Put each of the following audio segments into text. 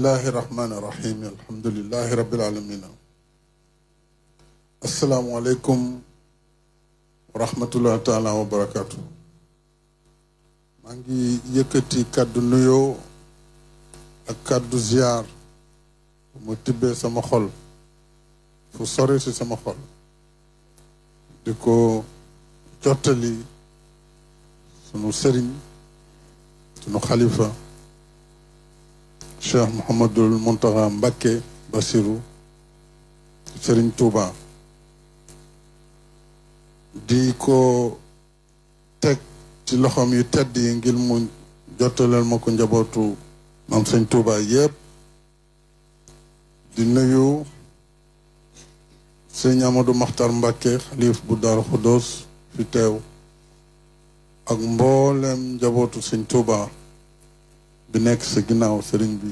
bismillahi rahmaani rahim alhamdulilahi rabbil alamina asalaamualeykum wa rahmatullahi taala wa barakaatu maa ngi yëkkati kàddu nuyoo ak kàddu ziar mu tibbee sama xol fu sori si sama xol di ko jottali sunu sëriñ sunu xalifa cheikh Mouhamadul Mountakha Mbacké Bassirou Serigne Touba di ko teg ci loxoom yi tedd yi ngir mu jottaleel ma ko njabootu maam Sëñ Touba yépp di nuyu Sëñ Amadou Makhtar Mbacké xalif bu Daaru Xuddoos fi teew ak mboolem njabootu Sëñ Touba bi nekk sa ginnaaw sëriñ bi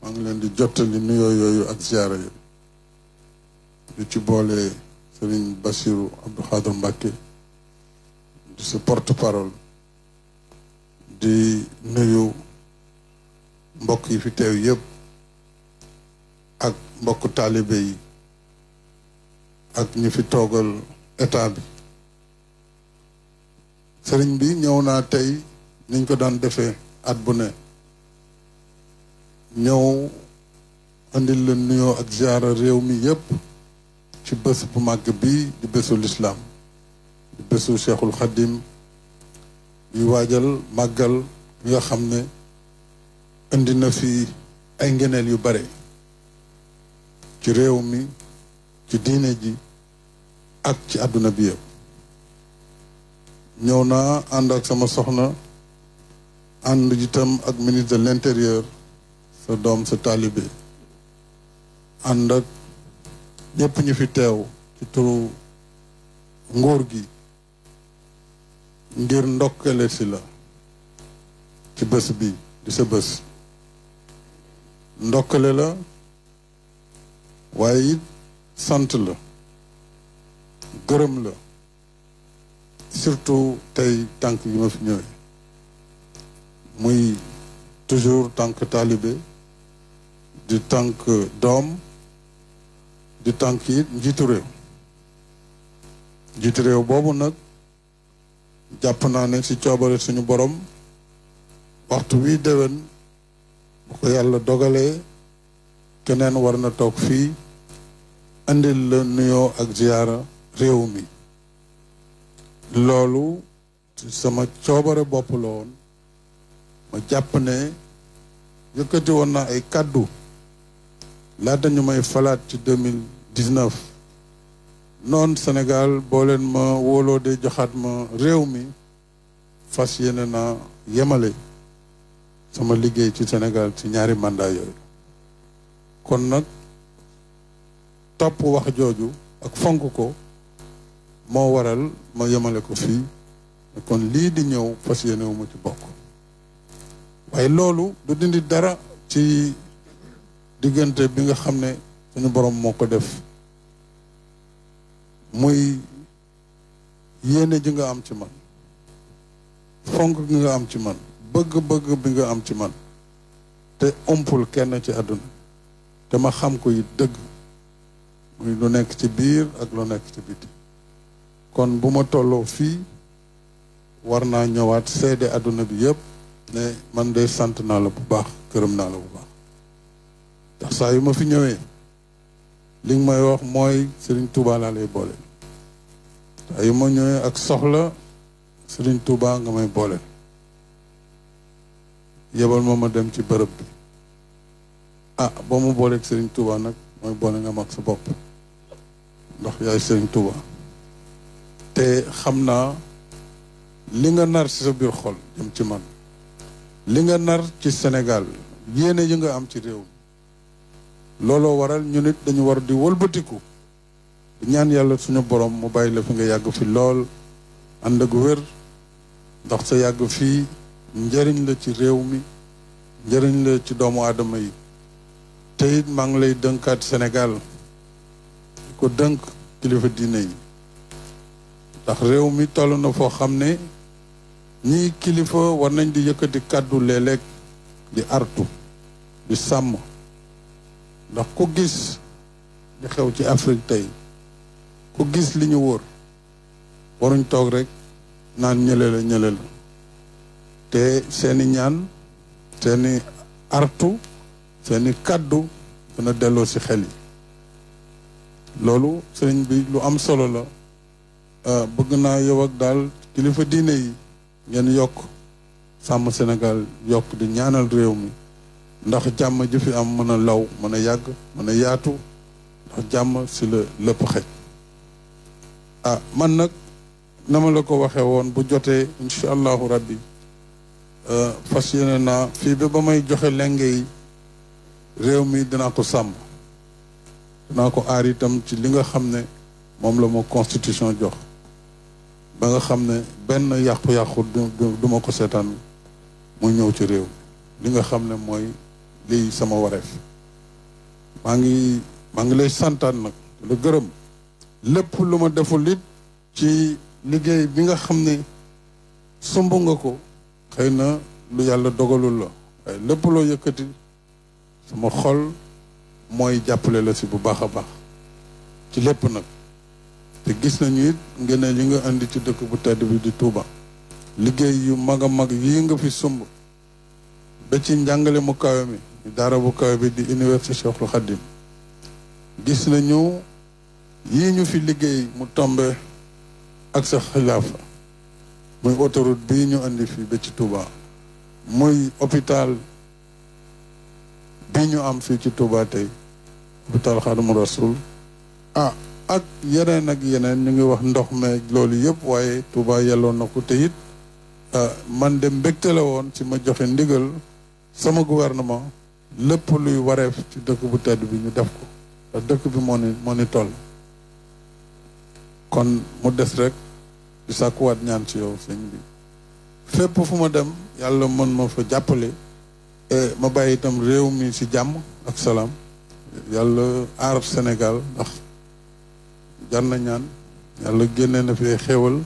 maa ngi leen di jottali nuyoo yooyu ak ziara yi di ci boole sëriñ Bassirou Abdou Khadre Mbacké di sa porte parole di nuyu mbokk yi fi teew yëpp ak mbokk taalibe yi ak ñu fi toogal état bi sëriñ bi ñëw naa tey niñ ko daan defee at bu ne ñëw andil la nuyoo ak ziara réew mi yépp ci bés bu màgg bi di bésu lislaam di bésu cheikhul xadim di waajal màggal nga xam ne indi na fi ay ngeneel yu bare ci réew mi ci diine ji ak ci àdduna bi yépp ñëw naa ànd ak sama soxna ànd itam ak ministre l'intérieur sa doom sa taalibe ànd ak ñëpp ñu fi teew ci turu nguur gi ngir ndokkale si la ci bés bi di sa bés ndokkale la waaye it sant la gërëm la surtout tey tànk yi ma fi ñëwee muy toujours tànk taalibe du tànk doom du tànk njiitu réew njiitu réew boobu nag jàpp naa ne ci coobare suñu boroom waxtu wi déwén bu ko yàlla dogalee keneen war na toog fii indil la nuyoo ak ziyaara réew mi loolu ci sama coobare bopp la woon ma jàpp ne yëkkati woon naa ay kàddu laata ñu may falaat ci deux mille dix-neuf noon Sénégal boo leen ma wóoloo de joxaat ma réew mi fas yéene naa yemale sama liggéey ci senegal ci ñaari mandat yooyu kon nag topp wax jooju ak fonk ko moo waral ma yemale ko fii kon lii di ñëw fas yéene wu ci bokk waaye loolu du dindi dara ci diggante bi nga xam ne suñu borom moo ko def muy yéene ji nga am ci man fonk gi nga am ci man bëgg-bëgg bi nga am ci man te umpul kenn ci àdduna te ma xam ko yi dëgg lu nekk ci biir ak lu nekk ci biti kon bu ma tolloo fii war naa ñëwaat sedd àdduna bi yëpp ne man de sant naa la bu baax këram naa la bu baax ndax saa yu ma fi ñëwee li may wax mooy sëriñ Touba laa lay boole saa yu ma ñëwee ak soxla Serigne tuubaa nga may boole yebal ma ma dem ci bërëb bi ah ba mu booleeg sëriñ tuubaa nag mooy boole nga mag sa bopp ndax yaay Serigne Touba te xam naa li nga nar ci sa biir xol jëm ci man li nga nar ci Sénégal yéene yi nga am ci réew mi looloo waral ñu nit dañu war di wëlbatiku di ñaan yàlla suñu borom mu bàyyi la fi nga yàgg fi lool ànd ak wér ndax sa yàgg fii njëriñ la ci réew mi njëriñ la ci doomu aadama yi te it maa ngi lay dënkaat di ko dënk kilifa diine yi ndax réew mi toll na foo xam ne ñii kilifa war nañ di yëkkati kàddu léeg di artu di sàmm ndax ku gis li xew ci Afrique tey ku gis li ñu wóor waruñ toog rek naan ñële la ñële la te seeni ñaan seeni artu seeni kàddu dana delloo ci xel yi loolu sëriñ bi lu am solo la ah, bëgg naa yow ak daal kilifa diine yi ngeen yokk sàmm senegal yokk di ñaanal réew mi ndax jàmm ji fi am mën a law mën a yàgg mën a yaatu ndax jàmm si la lépp xëj ah man nag na ma la ko waxee woon bu jotee incha allahu rabbi euh, fas yéene naa fii bi ba may joxe lenge réew mi dinaa ko sàmm dinaa ko aar itam ci li nga xam ne moom la ma constitution jox ba nga xam ne benn yàqu-yàqu du duma ko seetaan mu ñëw ci réew li nga xam ne mooy lii sama wareef maa ngi maa ngi lay santaan nag lu gërëm lépp lu ma deful it ci liggéey bi nga xam ni sumb nga ko xëy na lu yàlla dogalul la waaye lépp loo yëkkati sama xol mooy jàppale la si bu baax a baax ci lépp nag te gis nañu it ngeen yi nga indi ci dëkk bu tedd bi di tuuba liggéey yu mag a mag yi nga fi sumb ba ci njàngale mu kawe mi daara bu kaw bi di université Cheikhul Khadim gis nañu yii ñu fi liggéey mu tombe ak sa xilaafa muy autoroute bii ñu andi fii ba ci Touba muy hôpital bi ñu am fii ci Touba tey hôpital Khadimou Rassoul ah, ak yeneen ak yeneen ñu ngi wax ndox me loolu yëpp waaye Touba yelloon na ko te it ah, man dem mbégte woon ci ma joxe ndigal sama gouvernement lépp luy wareef ci dëkk bu tedd bi ñu def ko dëkk bi moo ni moo ni toll kon mu des rek di sàkkuwaat ñaan ci yow sëñ bi fépp fu ma dem yàlla mën ma fa jàppale e, ma bàyyi itam réew mi ci jàmm ak salaam yàlla aar senegal ndax jar na ñaan yàlla génne na fi xéewal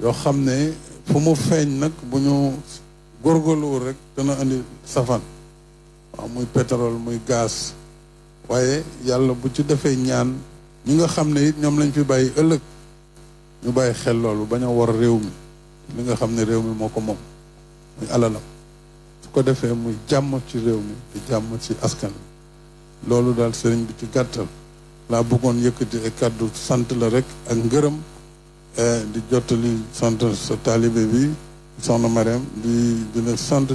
yoo xam ne fu mu feeñ nag bu ñu góorgóorluwul rek dana indi safan waaw muy pétrole muy gaz waaye yàlla bu ci defee ñaan ñi nga xam ne it ñoom lañ fi bàyyi ëllëg ñu bàyyi xel loolu bañ a war réew mi li nga xam ne réew mi moo ko moom muy alalam su ko defee muy jàmm ci réew mi di jàmm ci askan loolu daal sëriñ bi ci gàttal laa bëggoon yëkkati ay kàddu sant la rek ak ngërëm eh, di jottali sant sa taalibe bi soxna Mariam di di sant